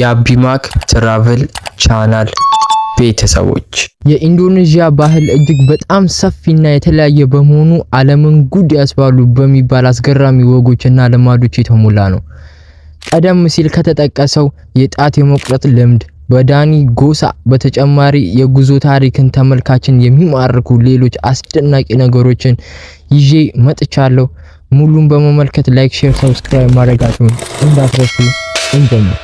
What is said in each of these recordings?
የአቢማክ ትራቭል ቻናል ቤተሰቦች የኢንዶኔዥያ ባህል እጅግ በጣም ሰፊና የተለያየ በመሆኑ ዓለምን ጉድ ያስባሉ በሚባል አስገራሚ ወጎችና ልማዶች የተሞላ ነው። ቀደም ሲል ከተጠቀሰው የጣት የመቁረጥ ልምድ በዳኒ ጎሳ በተጨማሪ የጉዞ ታሪክን ተመልካችን የሚማርኩ ሌሎች አስደናቂ ነገሮችን ይዤ መጥቻለሁ። ሙሉን በመመልከት ላይክ፣ ሼር፣ ሰብስክራይብ ማድረጋችሁን እንዳትረሱ። እንጀምር።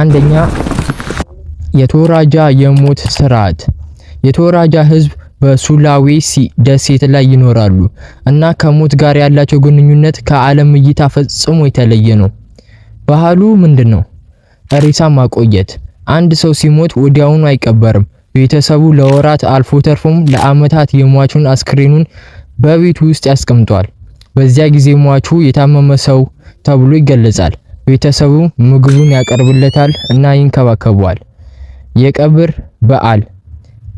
አንደኛ የቶራጃ የሞት ስርዓት። የቶራጃ ህዝብ በሱላዌሲ ደሴት ላይ ይኖራሉ እና ከሞት ጋር ያላቸው ግንኙነት ከዓለም እይታ ፈጽሞ የተለየ ነው። ባህሉ ምንድን ነው? ሬሳ ማቆየት። አንድ ሰው ሲሞት ወዲያውኑ አይቀበርም። ቤተሰቡ ለወራት አልፎ ተርፎም ለአመታት የሟቹን አስክሬኑን በቤቱ ውስጥ ያስቀምጧል። በዚያ ጊዜ ሟቹ የታመመ ሰው ተብሎ ይገለጻል። ቤተሰቡ ምግቡን ያቀርብለታል እና ይንከባከቧል። የቀብር በዓል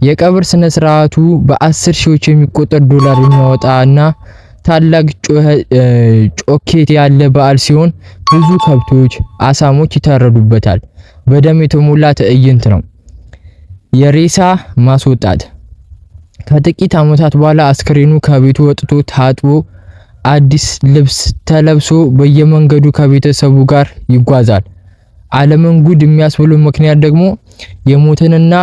የቀብር ስነ ስርዓቱ በአስር ሺዎች የሚቆጠር ዶላር የሚያወጣ እና ታላቅ ጮኬት ያለ በዓል ሲሆን ብዙ ከብቶች፣ አሳሞች ይታረዱበታል። በደም የተሞላ ትዕይንት ነው። የሬሳ ማስወጣት ከጥቂት ዓመታት በኋላ አስክሬኑ ከቤቱ ወጥቶ ታጥቦ አዲስ ልብስ ተለብሶ በየመንገዱ ከቤተሰቡ ጋር ይጓዛል። ዓለምን ጉድ የሚያስብሉ ምክንያት ደግሞ የሞትንና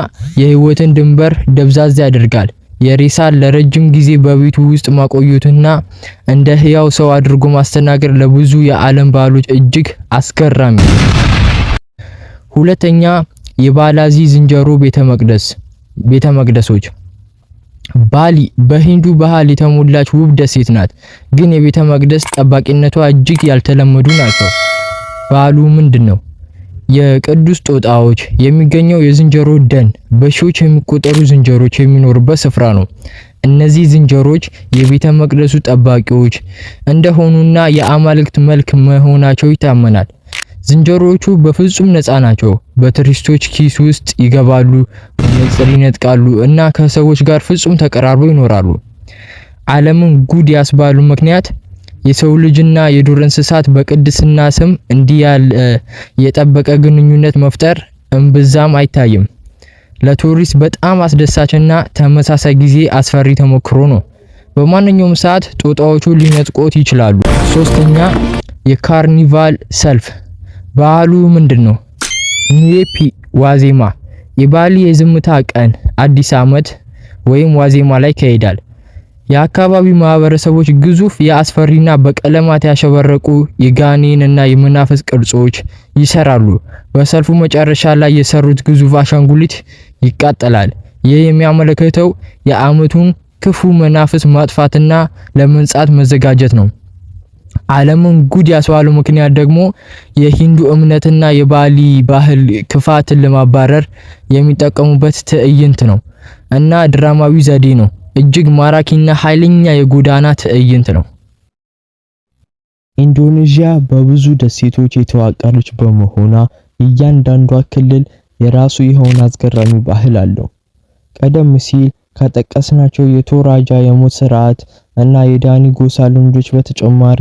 የህይወትን ድንበር ደብዛዛ ያደርጋል። የሬሳን ለረጅም ጊዜ በቤቱ ውስጥ ማቆየትና እንደ ህያው ሰው አድርጎ ማስተናገድ ለብዙ የዓለም ባህሎች እጅግ አስገራሚ። ሁለተኛ የባላዚ ዝንጀሮ ቤተ መቅደስ ቤተ መቅደሶች ባሊ በሂንዱ ባህል የተሞላች ውብ ደሴት ናት፣ ግን የቤተ መቅደስ ጠባቂነቷ እጅግ ያልተለመዱ ናቸው። ባሉ ምንድን ነው? የቅዱስ ጦጣዎች የሚገኘው የዝንጀሮ ደን በሺዎች የሚቆጠሩ ዝንጀሮች የሚኖሩበት ስፍራ ነው። እነዚህ ዝንጀሮች የቤተ መቅደሱ ጠባቂዎች እንደሆኑና የአማልክት መልክ መሆናቸው ይታመናል። ዝንጀሮዎቹ በፍጹም ነፃ ናቸው። በቱሪስቶች ኪስ ውስጥ ይገባሉ፣ መነጽር ይነጥቃሉ እና ከሰዎች ጋር ፍጹም ተቀራርበው ይኖራሉ። ዓለምን ጉድ ያስባሉ። ምክንያት የሰው ልጅና የዱር እንስሳት በቅድስና ስም እንዲህ ያለ የጠበቀ ግንኙነት መፍጠር እምብዛም አይታይም። ለቱሪስት በጣም አስደሳችና ተመሳሳይ ጊዜ አስፈሪ ተሞክሮ ነው። በማንኛውም ሰዓት ጦጣዎቹ ሊነጥቆት ይችላሉ። ሶስተኛ የካርኒቫል ሰልፍ በዓሉ ምንድን ነው? ኒዌፒ ዋዜማ የባሊ የዝምታ ቀን አዲስ ዓመት ወይም ዋዜማ ላይ ይካሄዳል። የአካባቢው ማህበረሰቦች ግዙፍ የአስፈሪና በቀለማት ያሸበረቁ የጋኔን እና የመናፍስት ቅርጾች ይሰራሉ። በሰልፉ መጨረሻ ላይ የሰሩት ግዙፍ አሻንጉሊት ይቃጠላል። ይህ የሚያመለክተው የዓመቱን ክፉ መናፍስ ማጥፋትና ለመንጻት መዘጋጀት ነው። ዓለምን ጉድ ያስባለው ምክንያት ደግሞ የሂንዱ እምነትና የባሊ ባህል ክፋትን ለማባረር የሚጠቀሙበት ትዕይንት ነው እና ድራማዊ ዘዴ ነው። እጅግ ማራኪና ኃይለኛ የጎዳና ትዕይንት ነው። ኢንዶኔዥያ በብዙ ደሴቶች የተዋቀረች በመሆኗ እያንዳንዷ ክልል የራሱ የሆነ አስገራሚ ባህል አለው። ቀደም ሲል ከጠቀስናቸው የቶራጃ የሞት ስርዓት እና የዳኒ ጎሳ ልምዶች በተጨማሪ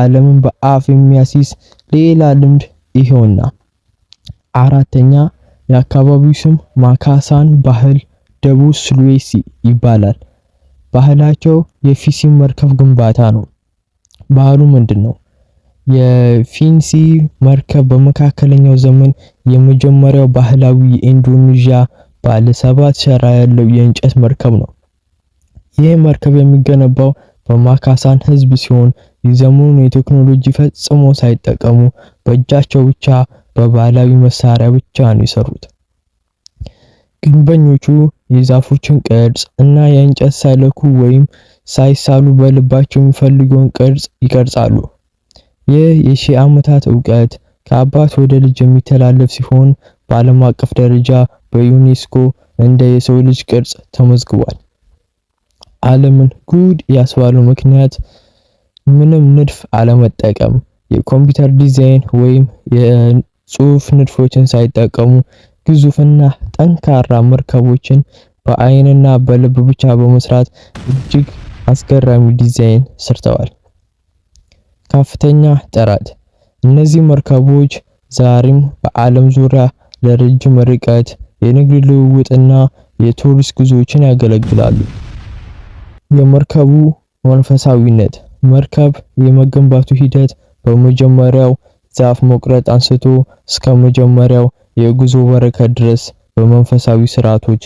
ዓለምን በአፍ የሚያስይስ ሌላ ልምድ ይሄውና። አራተኛ የአካባቢው ስም ማካሳን ባህል ደቡብ ስሉዌሲ ይባላል። ባህላቸው የፊሲ መርከብ ግንባታ ነው። ባህሉ ምንድን ነው? የፊንሲ መርከብ በመካከለኛው ዘመን የመጀመሪያው ባህላዊ የኢንዶኔዥያ ባለ ሰባት ሸራ ያለው የእንጨት መርከብ ነው። ይህ መርከብ የሚገነባው በማካሳን ህዝብ ሲሆን የዘመኑን የቴክኖሎጂ ፈጽሞ ሳይጠቀሙ በእጃቸው ብቻ በባህላዊ መሳሪያ ብቻ ነው የሰሩት። ግንበኞቹ የዛፎችን ቅርጽ እና የእንጨት ሳይለኩ ወይም ሳይሳሉ በልባቸው የሚፈልገውን ቅርጽ ይቀርጻሉ። ይህ የሺህ ዓመታት እውቀት ከአባት ወደ ልጅ የሚተላለፍ ሲሆን በዓለም አቀፍ ደረጃ በዩኔስኮ እንደ የሰው ልጅ ቅርጽ ተመዝግቧል። ዓለምን ጉድ ያስባለው ምክንያት ምንም ንድፍ አለመጠቀም፣ የኮምፒውተር ዲዛይን ወይም የጽሑፍ ንድፎችን ሳይጠቀሙ ግዙፍና ጠንካራ መርከቦችን በአይንና በልብ ብቻ በመስራት እጅግ አስገራሚ ዲዛይን ሰርተዋል። ከፍተኛ ጥራት፣ እነዚህ መርከቦች ዛሬም በዓለም ዙሪያ ለረጅም ርቀት የንግድ ልውውጥና የቱሪስት ጉዞዎችን ያገለግላሉ። የመርከቡ መንፈሳዊነት መርከብ የመገንባቱ ሂደት በመጀመሪያው ዛፍ መቁረጥ አንስቶ እስከ መጀመሪያው የጉዞ በረከት ድረስ በመንፈሳዊ ስርዓቶች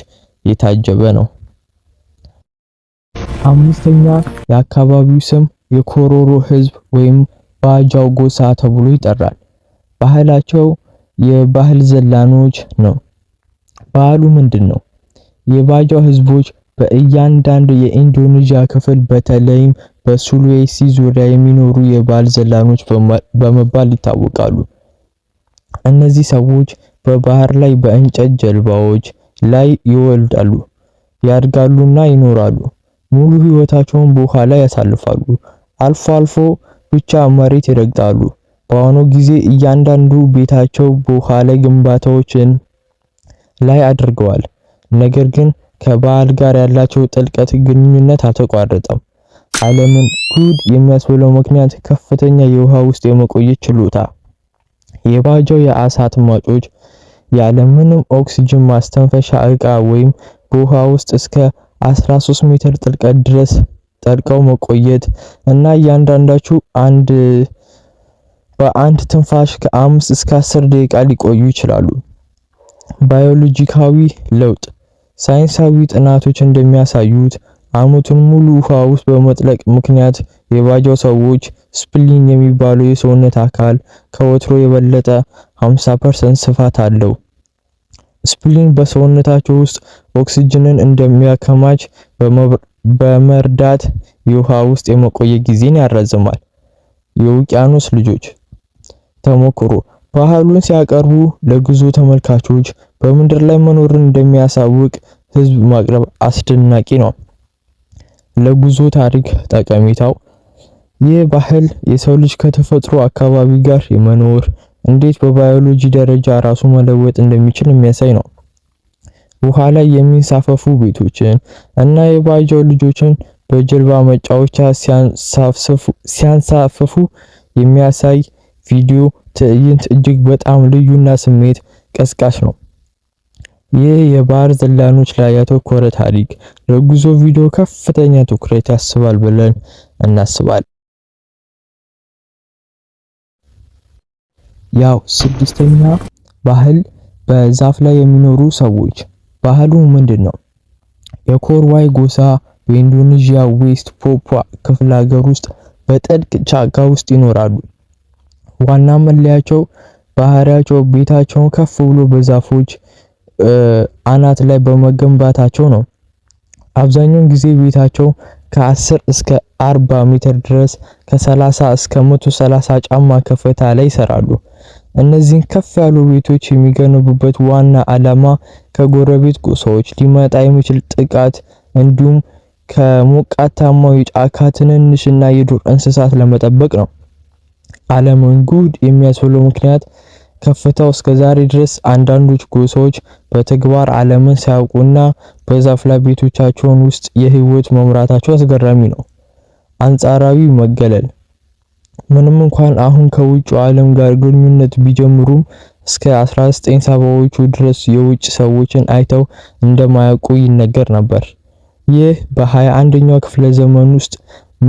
የታጀበ ነው። አምስተኛ የአካባቢው ስም የኮሮሮ ህዝብ ወይም ባጃው ጎሳ ተብሎ ይጠራል። ባህላቸው የባህል ዘላኖች ነው። ባህሉ ምንድን ነው? የባጃው ህዝቦች በእያንዳንዱ የኢንዶኔዥያ ክፍል በተለይም በሱሉዌሲ ዙሪያ የሚኖሩ የባህል ዘላኖች በመባል ይታወቃሉ። እነዚህ ሰዎች በባህር ላይ በእንጨት ጀልባዎች ላይ ይወልዳሉ፣ ያድጋሉና ይኖራሉ። ሙሉ ሕይወታቸውን በውሃ ላይ ያሳልፋሉ። አልፎ አልፎ ብቻ መሬት ይረግጣሉ። በአሁኑ ጊዜ እያንዳንዱ ቤታቸው በውሃ ላይ ግንባታዎችን ላይ አድርገዋል። ነገር ግን ከባህል ጋር ያላቸው ጥልቀት ግንኙነት አልተቋረጠም። ዓለምን ጉድ የሚያስብለው ምክንያት ከፍተኛ የውሃ ውስጥ የመቆየት ችሎታ። የባጆ የአሳ ማጮች ያለምንም ኦክሲጅን ማስተንፈሻ እቃ ወይም በውሃ ውስጥ እስከ 13 ሜትር ጥልቀት ድረስ ጠልቀው መቆየት እና እያንዳንዳችሁ አንድ በአንድ ትንፋሽ ከአምስት እስከ 10 ደቂቃ ሊቆዩ ይችላሉ። ባዮሎጂካዊ ለውጥ ሳይንሳዊ ጥናቶች እንደሚያሳዩት አመቱን ሙሉ ውሃ ውስጥ በመጥለቅ ምክንያት የባጃው ሰዎች ስፕሊን የሚባለው የሰውነት አካል ከወትሮ የበለጠ 50% ስፋት አለው። ስፕሊን በሰውነታቸው ውስጥ ኦክስጅንን እንደሚያከማች በመርዳት የውሃ ውስጥ የመቆየት ጊዜን ያራዝማል። የውቅያኖስ ልጆች ተሞክሮ ባህሉን ሲያቀርቡ ለጉዞ ተመልካቾች በምድር ላይ መኖርን እንደሚያሳውቅ ህዝብ ማቅረብ አስደናቂ ነው። ለጉዞ ታሪክ ጠቀሜታው ይህ ባህል የሰው ልጅ ከተፈጥሮ አካባቢ ጋር የመኖር እንዴት በባዮሎጂ ደረጃ ራሱ መለወጥ እንደሚችል የሚያሳይ ነው። ውሃ ላይ የሚንሳፈፉ ቤቶችን እና የባጃው ልጆችን በጀልባ መጫወቻ ሲያንሳፈፉ የሚያሳይ ቪዲዮ ትዕይንት እጅግ በጣም ልዩና ስሜት ቀስቃሽ ነው። ይህ የባህር ዘላኖች ላይ ያተኮረ ታሪክ ለጉዞ ቪዲዮ ከፍተኛ ትኩረት ያስባል ብለን እናስባለን። ያው ስድስተኛ ባህል በዛፍ ላይ የሚኖሩ ሰዎች ባህሉ ምንድን ነው? የኮርዋይ ጎሳ በኢንዶኔዥያ ዌስት ፖፓ ክፍለ ሀገር ውስጥ በጥልቅ ጫካ ውስጥ ይኖራሉ። ዋና መለያቸው ባህሪያቸው ቤታቸውን ከፍ ብሎ በዛፎች አናት ላይ በመገንባታቸው ነው። አብዛኛውን ጊዜ ቤታቸው ከ10 እስከ 40 ሜትር ድረስ ከ30 እስከ 130 ጫማ ከፍታ ላይ ይሰራሉ። እነዚህን ከፍ ያሉ ቤቶች የሚገነቡበት ዋና ዓላማ ከጎረቤት ጎሳዎች ሊመጣ የሚችል ጥቃት እንዲሁም ከሞቃታማው የጫካ ትንንሽና የዱር እንስሳት ለመጠበቅ ነው። ዓለምን ጉድ የሚያስብለው ምክንያት ከፍታው ዛሬ ድረስ አንዳንዶች ጎሳዎች በተግባር ዓለምን ሳያውቁና በዛፍላ ቤቶቻቸውን ውስጥ የህይወት መምራታቸው አስገራሚ ነው። አንጻራዊ መገለል ምንም እንኳን አሁን ከውጭው ዓለም ጋር ግንኙነት ቢጀምሩም እስከ 1970ዎቹ ድረስ የውጭ ሰዎችን አይተው እንደማያውቁ ይነገር ነበር። ይህ በ21ኛው ክፍለ ዘመን ውስጥ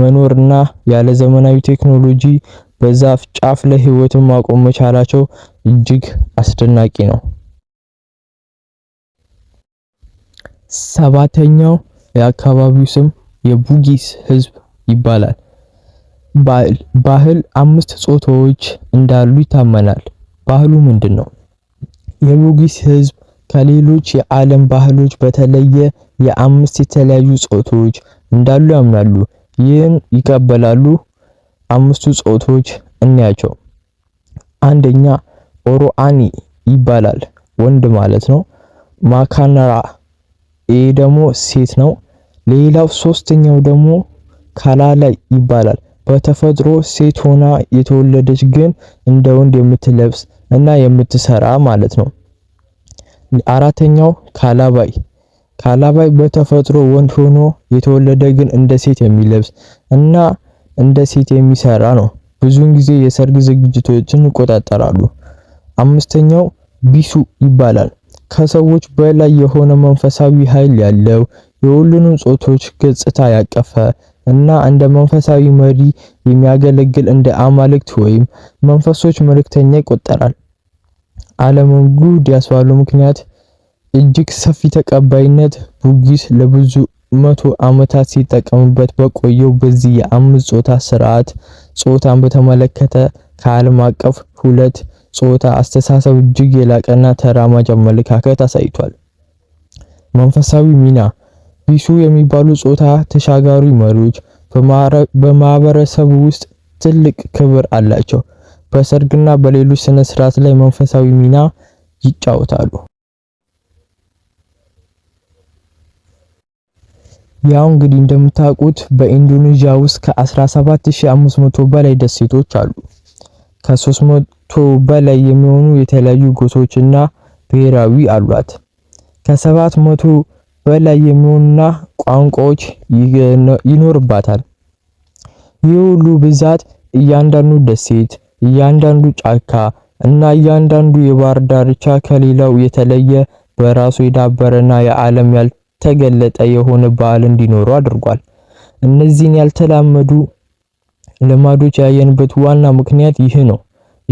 መኖርና ያለ ዘመናዊ ቴክኖሎጂ በዛፍ ጫፍ ላይ ህይወትን ማቆም መቻላቸው እጅግ አስደናቂ ነው። ሰባተኛው የአካባቢው ስም የቡጊስ ህዝብ ይባላል። ባህል አምስት ጾታዎች እንዳሉ ይታመናል። ባህሉ ምንድን ነው? የቡጊስ ህዝብ ከሌሎች የዓለም ባህሎች በተለየ የአምስት የተለያዩ ጾታዎች እንዳሉ ያምናሉ። ይህን ይቀበላሉ። አምስቱ ጾቶች እንያቸው። አንደኛ ኦሮአኒ ይባላል ወንድ ማለት ነው። ማካነራ ይሄ ደግሞ ሴት ነው። ሌላው ሶስተኛው ደግሞ ካላላይ ይባላል። በተፈጥሮ ሴት ሆና የተወለደች ግን እንደ ወንድ የምትለብስ እና የምትሰራ ማለት ነው። አራተኛው ካላባይ ካላባይ በተፈጥሮ ወንድ ሆኖ የተወለደ ግን እንደ ሴት የሚለብስ እና እንደ ሴት የሚሰራ ነው። ብዙውን ጊዜ የሰርግ ዝግጅቶችን ይቆጣጠራሉ። አምስተኛው ቢሱ ይባላል። ከሰዎች በላይ የሆነ መንፈሳዊ ኃይል ያለው የሁሉንም ጾቶች ገጽታ ያቀፈ እና እንደ መንፈሳዊ መሪ የሚያገለግል እንደ አማልክት ወይም መንፈሶች መልእክተኛ ይቆጠራል። ዓለምን ጉድ ያስባሉ ምክንያት እጅግ ሰፊ ተቀባይነት ቡጊስ ለብዙ መቶ ዓመታት ሲጠቀምበት በቆየው በዚህ የአምስት ጾታ ስርዓት ጾታን በተመለከተ ከዓለም አቀፍ ሁለት ጾታ አስተሳሰብ እጅግ የላቀና ተራማጅ አመለካከት አሳይቷል። መንፈሳዊ ሚና ቢሱ የሚባሉ ጾታ ተሻጋሪ መሪዎች በማህበረሰብ ውስጥ ትልቅ ክብር አላቸው። በሰርግና በሌሎች ስነ ስርዓት ላይ መንፈሳዊ ሚና ይጫወታሉ። ያው እንግዲህ እንደምታውቁት በኢንዶኔዥያ ውስጥ ከ17500 በላይ ደሴቶች አሉ። ከ300 በላይ የሚሆኑ የተለያዩ ጎሶችና ብሔራዊ አሏት። ከ700 በላይ የሚሆኑና ቋንቋዎች ይኖርባታል። ይህ ሁሉ ብዛት እያንዳንዱ ደሴት፣ እያንዳንዱ ጫካ እና እያንዳንዱ የባህር ዳርቻ ከሌላው የተለየ በራሱ የዳበረና የዓለም ያል ተገለጠ የሆነ በዓል እንዲኖሩ አድርጓል። እነዚህን ያልተላመዱ ልማዶች ያየንበት ዋና ምክንያት ይህ ነው።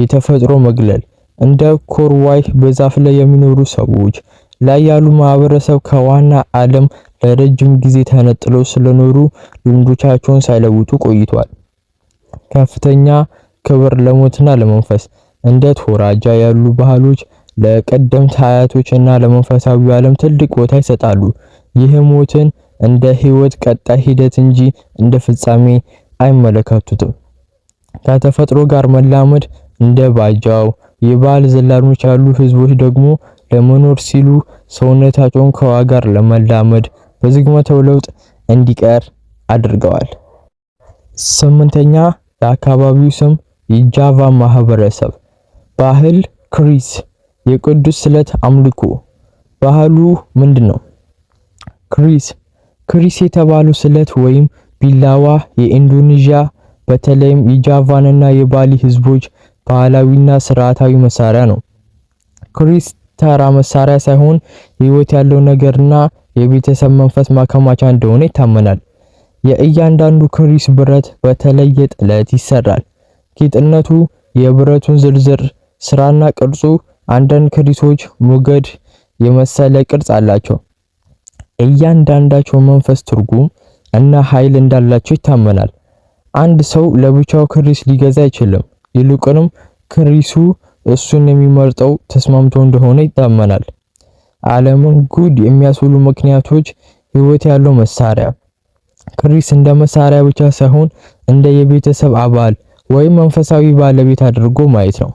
የተፈጥሮ መግለል እንደ ኮርዋይ በዛፍ ላይ የሚኖሩ ሰዎች ላይ ያሉ ማህበረሰብ ከዋና ዓለም ለረጅም ጊዜ ተነጥለው ስለኖሩ ልምዶቻቸውን ሳይለውጡ ቆይቷል። ከፍተኛ ክብር ለሞትና ለመንፈስ እንደ ቶራጃ ያሉ ባህሎች ለቀደምት አያቶች እና ለመንፈሳዊ ዓለም ትልቅ ቦታ ይሰጣሉ። ይህ ሞትን እንደ ህይወት ቀጣይ ሂደት እንጂ እንደ ፍጻሜ አይመለከቱትም። ከተፈጥሮ ጋር መላመድ እንደ ባጃው የባህል ዘላኖች ያሉ ህዝቦች ደግሞ ለመኖር ሲሉ ሰውነታቸውን ከዋ ጋር ለመላመድ በዝግመተው ለውጥ እንዲቀር አድርገዋል። ስምንተኛ የአካባቢው ስም የጃቫ ማህበረሰብ ባህል ክሪስ የቅዱስ ስለት አምልኮ ባህሉ ምንድን ነው? ክሪስ ክሪስ የተባሉ ስለት ወይም ቢላዋ የኢንዶኔዥያ በተለይም የጃቫንና የባሊ ህዝቦች ባህላዊና ስርዓታዊ መሳሪያ ነው። ክሪስ ተራ መሳሪያ ሳይሆን ህይወት ያለው ነገርና የቤተሰብ መንፈስ ማከማቻ እንደሆነ ይታመናል። የእያንዳንዱ ክሪስ ብረት በተለየ ጥለት ይሰራል። ጌጥነቱ የብረቱን ዝርዝር ስራና ቅርጹ። አንዳንድ ክሪሶች ሞገድ የመሰለ ቅርጽ አላቸው። እያንዳንዳቸው መንፈስ ትርጉም እና ኃይል እንዳላቸው ይታመናል። አንድ ሰው ለብቻው ክሪስ ሊገዛ አይችልም። ይልቁንም ክሪሱ እሱን የሚመርጠው ተስማምቶ እንደሆነ ይታመናል። ዓለምን ጉድ የሚያስብሉ ምክንያቶች ህይወት ያለው መሳሪያ ክሪስ እንደ መሳሪያ ብቻ ሳይሆን እንደ የቤተሰብ አባል ወይም መንፈሳዊ ባለቤት አድርጎ ማየት ነው።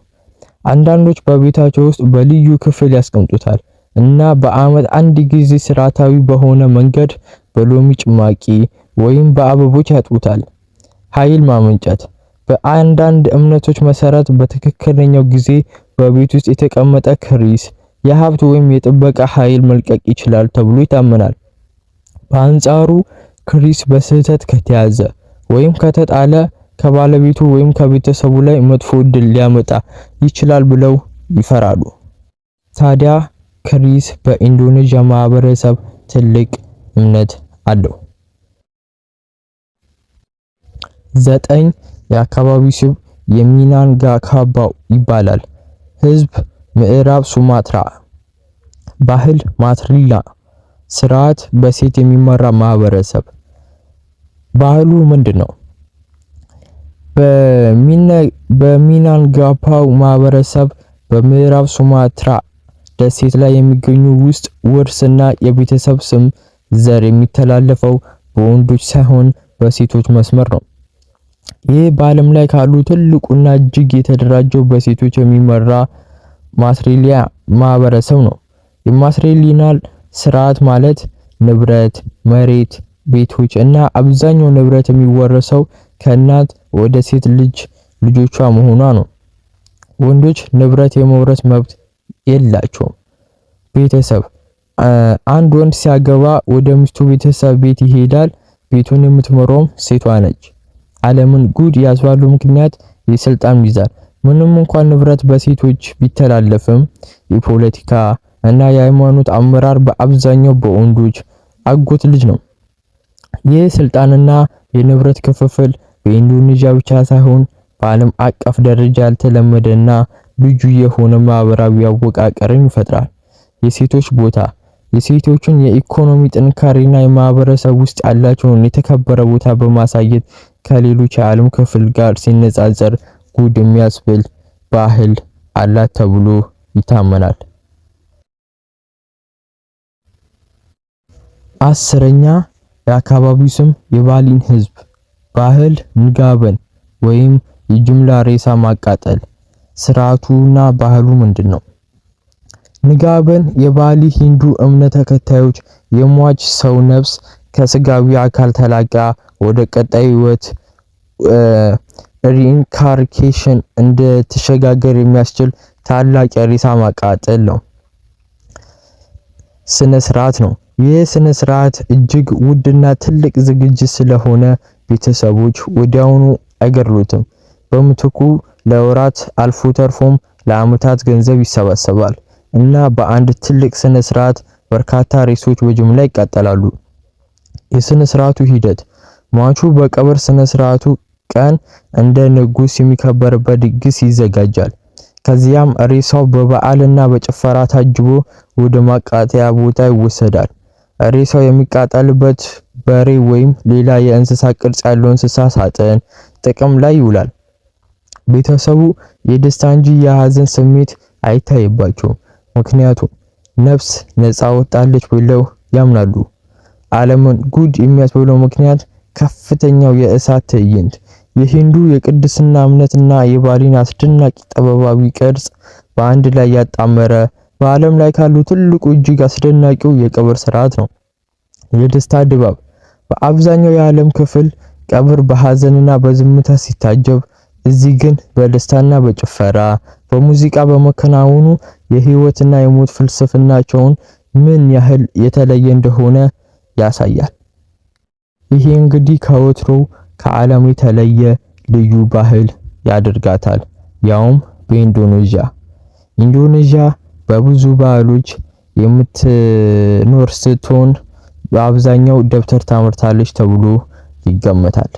አንዳንዶች በቤታቸው ውስጥ በልዩ ክፍል ያስቀምጡታል። እና በአመት አንድ ጊዜ ስርዓታዊ በሆነ መንገድ በሎሚ ጭማቂ ወይም በአበቦች ያጥቡታል። ኃይል ማመንጨት በአንዳንድ እምነቶች መሰረት በትክክለኛው ጊዜ በቤት ውስጥ የተቀመጠ ክሪስ የሀብት ወይም የጥበቃ ኃይል መልቀቅ ይችላል ተብሎ ይታመናል። በአንጻሩ ክሪስ በስህተት ከተያዘ ወይም ከተጣለ ከባለቤቱ ወይም ከቤተሰቡ ላይ መጥፎ ዕድል ሊያመጣ ይችላል ብለው ይፈራሉ። ታዲያ ክሪስ በኢንዶኔዥያ ማህበረሰብ ትልቅ እምነት አለው። ዘጠኝ የአካባቢው ስም የሚናንጋካባው ይባላል። ህዝብ ምዕራብ ሱማትራ፣ ባህል ማትሪላ፣ ስርዓት በሴት የሚመራ ማህበረሰብ። ባህሉ ምንድን ነው? በሚናንጋፓው ማህበረሰብ በምዕራብ ሱማትራ ደሴት ላይ የሚገኙ ውስጥ ውርስና የቤተሰብ ስም ዘር የሚተላለፈው በወንዶች ሳይሆን በሴቶች መስመር ነው። ይህ በዓለም ላይ ካሉ ትልቁና እጅግ የተደራጀው በሴቶች የሚመራ ማትሪሊያ ማህበረሰብ ነው። የማትሪሊናል ስርዓት ማለት ንብረት፣ መሬት፣ ቤቶች እና አብዛኛው ንብረት የሚወረሰው ከእናት ወደ ሴት ልጅ ልጆቿ መሆኗ ነው። ወንዶች ንብረት የመውረስ መብት የላቸውም። ቤተሰብ አንድ ወንድ ሲያገባ ወደ ሚስቱ ቤተሰብ ቤት ይሄዳል። ቤቱን የምትመራውም ሴቷ ነች። ዓለምን ጉድ ያስባሉ። ምክንያት የስልጣን ሚዛን ምንም እንኳን ንብረት በሴቶች ቢተላለፍም የፖለቲካ እና የሃይማኖት አመራር በአብዛኛው በወንዶች አጎት ልጅ ነው። ይህ ስልጣንና የንብረት ክፍፍል በኢንዶኔዥያ ብቻ ሳይሆን በዓለም አቀፍ ደረጃ ያልተለመደና ልዩ የሆነ ማህበራዊ አወቃቀርን ይፈጥራል። የሴቶች ቦታ የሴቶችን የኢኮኖሚ ጥንካሬና የማህበረሰብ ውስጥ ያላቸውን የተከበረ ቦታ በማሳየት ከሌሎች የዓለም ክፍል ጋር ሲነጻጸር ጉድ የሚያስብል ባህል አላት ተብሎ ይታመናል። አስረኛ የአካባቢው ስም የባሊን ህዝብ ባህል ንጋበን ወይም የጅምላ ሬሳ ማቃጠል ስርዓቱና ባህሉ ምንድን ነው? ንጋበን የባሊ ሂንዱ እምነት ተከታዮች የሟች ሰው ነፍስ ከስጋዊ አካል ተላቃ ወደ ቀጣይ ህይወት ሪኢንካርኬሽን እንድትሸጋገር የሚያስችል ታላቅ የሬሳ ማቃጠል ነው ስነ ስርዓት ነው። ይህ ስነ ስርዓት እጅግ ውድና ትልቅ ዝግጅት ስለሆነ ቤተሰቦች ወዲያውኑ አይገድሉትም። በምትኩ ለወራት አልፎ ተርፎም ለዓመታት ገንዘብ ይሰበሰባል እና በአንድ ትልቅ ስነ ስርዓት በርካታ ሬሶች በጅምላ ይቃጠላሉ። የስነ ስርዓቱ ሂደት ሟቹ በቀብር ስነ ስርዓቱ ቀን እንደ ንጉስ የሚከበርበት ድግስ ይዘጋጃል። ከዚያም ሬሳው በበዓልና በጭፈራ ታጅቦ ወደ ማቃጠያ ቦታ ይወሰዳል። ሬሳው የሚቃጠልበት በሬ ወይም ሌላ የእንስሳ ቅርጽ ያለው እንስሳ ሳጥን ጥቅም ላይ ይውላል። ቤተሰቡ የደስታ እንጂ የሀዘን ስሜት አይታይባቸውም። ምክንያቱም ነፍስ ነፃ ወጣለች ብለው ያምናሉ። ዓለምን ጉድ የሚያስብለው ምክንያት ከፍተኛው የእሳት ትዕይንት የሂንዱ የቅድስና እምነትና የባሊን አስደናቂ ጥበባዊ ቅርጽ በአንድ ላይ ያጣመረ በዓለም ላይ ካሉ ትልቁ እጅግ አስደናቂው የቀብር ስርዓት ነው። የደስታ ድባብ በአብዛኛው የዓለም ክፍል ቀብር በሐዘንና በዝምታ ሲታጀብ እዚህ ግን በደስታና በጭፈራ በሙዚቃ በመከናወኑ የህይወትና የሞት ፍልስፍናቸውን ምን ያህል የተለየ እንደሆነ ያሳያል። ይሄ እንግዲህ ከወትሮ ከዓለም የተለየ ልዩ ባህል ያደርጋታል፣ ያውም በኢንዶኔዥያ። ኢንዶኔዥያ በብዙ ባህሎች የምትኖር ስትሆን በአብዛኛው ደብተር ታመርታለች ተብሎ ይገመታል።